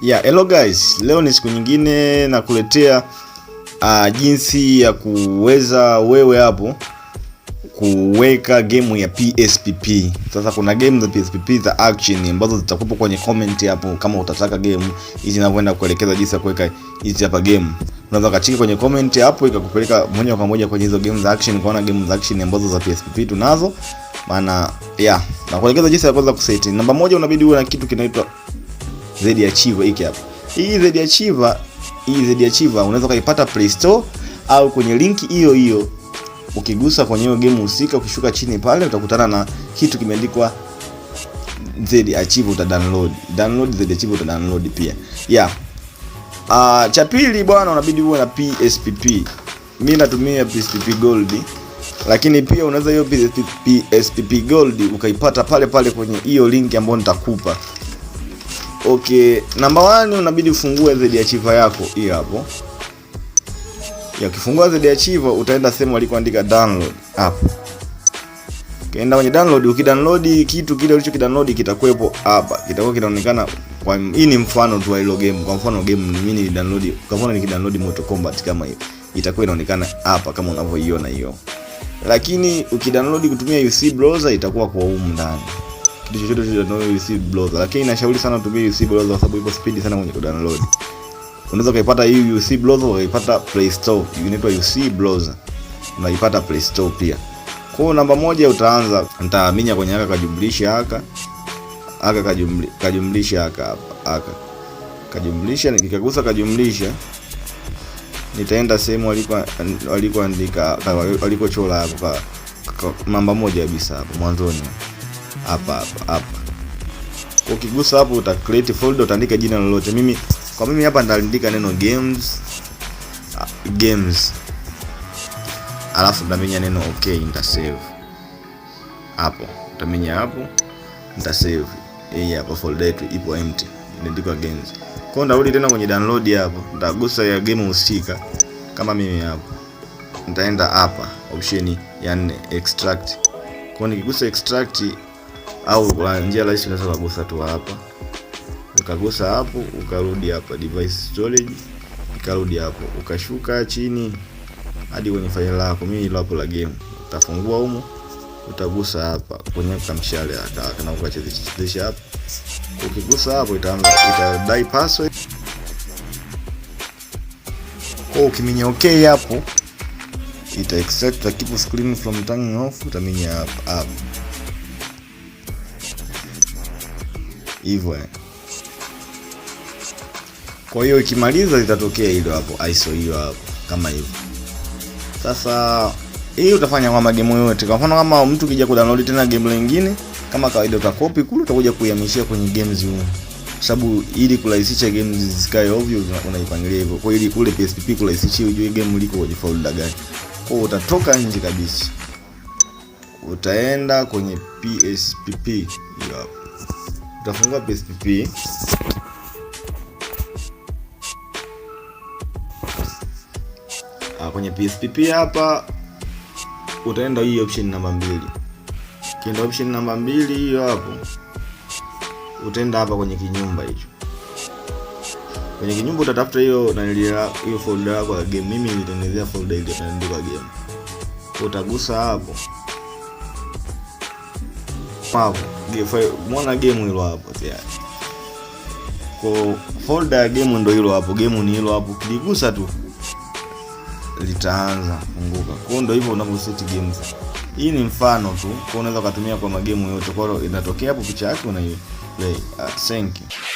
Yeah, hello guys, leo ni siku nyingine nakuletea uh, jinsi ya kuweza wewe hapo kuweka game ya PSPP. Sasa kuna game za PSPP za action ambazo zitakupo kwenye comment hapo, kama utataka game hizi ninavyoenda kuelekeza jinsi ya kuweka hizi hapa game. Unaweza kachika kwenye comment hapo ikakupeleka moja kwa moja kwenye hizo game za action, kwaona game za action ambazo za PSPP tunazo. Maana yeah, na kuelekeza jinsi ya kuweza kuseti. Namba moja, unabidi uwe na kitu kinaitwa Zedi Achiever hiki hapa. Hii Zedi Achiever, hii Zedi Achiever unaweza kuipata Play Store au kwenye linki hiyo hiyo. Ukigusa kwenye hiyo game husika, ukishuka chini pale utakutana na kitu kimeandikwa Zedi Achiever, uta download. Download Zedi Achiever, uta download pia. Yeah. Uh, cha pili bwana, unabidi uwe na PSPP. Mimi natumia PSPP Gold, lakini pia unaweza hiyo PSPP Gold ukaipata pale pale kwenye hiyo link ambayo nitakupa. Okay, namba 1 unabidi ufungue zedi achiever yako hii hapo. Ya kifungua zedi achiever utaenda sehemu walikoandika download hapo. Ukienda kwenye download, ukidownload kitu kile ulichokidownload kitakuwepo hapa. Kitakuwa kinaonekana kwa hii ni mfano tu wa hilo game. Kwa mfano game ni mimi download. kwa mfano ni nikidownload Mortal Kombat kama hivi, itakuwa inaonekana hapa kama unavyoiona hiyo. Lakini ukidownload kutumia UC browser itakuwa kwa huko ndani kitu chochote unatumia UC browser, lakini nashauri sana utumie UC browser kwa sababu ipo speed sana kwenye kudownload. Unaweza kuipata hii UC browser ukaipata Play Store, inaitwa UC browser, unaipata Play Store pia. Kwa hiyo namba moja utaanza, nitaminya kwenye haka kajumlisha haka haka kajumli, kajumlisha haka hapa haka kajumlisha, nikikagusa kajumlisha nitaenda sehemu walikoandika walikochora hapo, kwa namba moja kabisa hapo mwanzoni hapa hapa hapa. Ukigusa hapo uta create folder, utaandika jina lolote. Mimi kwa mimi hapa nitaandika neno games ah, games, alafu ndamenya neno okay, nita save hapo, ndamenya hapo, nita save hii hapa. Folder yetu ipo empty, inaandikwa games. Kwa hiyo ndarudi tena kwenye download hapo, nitagusa ya game husika kama mimi hapo nitaenda hapa option ya 4 extract. Kwa nikigusa extract au kwa njia rahisi unaweza kugusa tu hapa, ukagusa hapo, ukarudi hapa device storage, ikarudi hapo, ukashuka chini hadi kwenye faili lako. Mimi ile hapo la game, utafungua humo, utagusa hapa kwenye kamshale kana kwa chizi chizi hapo. Ukigusa hapo, itaanza ita die password kwa ukiminya okay hapo ita extract the keep screen from turning off, utaminya hapa hapo hivyo eh. Kwa hiyo ikimaliza litatokea hilo hapo ISO hiyo hapo kama hivyo. Sasa hii utafanya kwa magemu yote. Kwa mfano kama mtu kija ku download tena game lingine kama kawaida utakopi kule utakuja kuihamishia kwenye games huko. Kwa sababu ili kurahisisha game zisikae obvious na unaipangilia hivyo. Kwa ili kule PSP kurahisisha ujue game liko kwenye folder gani. Kwa hiyo utatoka nje kabisa. Utaenda kwenye PSP hiyo hapo utafungua PSPP ah, kwenye PSPP hapa utaenda hii option namba mbili. Kienda option namba mbili hiyo hapo, utaenda hapa kwenye kinyumba hicho. Kwenye kinyumba utatafuta hiyo na hiyo folder yako ya game. Mimi nilitengenezea folder ile itaandikwa game, utagusa hapo hapo mwona game hilo hapo tayari ko folder ya game ndo hilo hapo, game ni hilo hapo, kiligusa tu litaanza funguka. ko ndo hivyo unavyoseti games. Hii ni mfano tu, ko unaweza ukatumia kwa magemu yote. Kwa hiyo inatokea hapo picha yake unaiplay. Asante. Uh,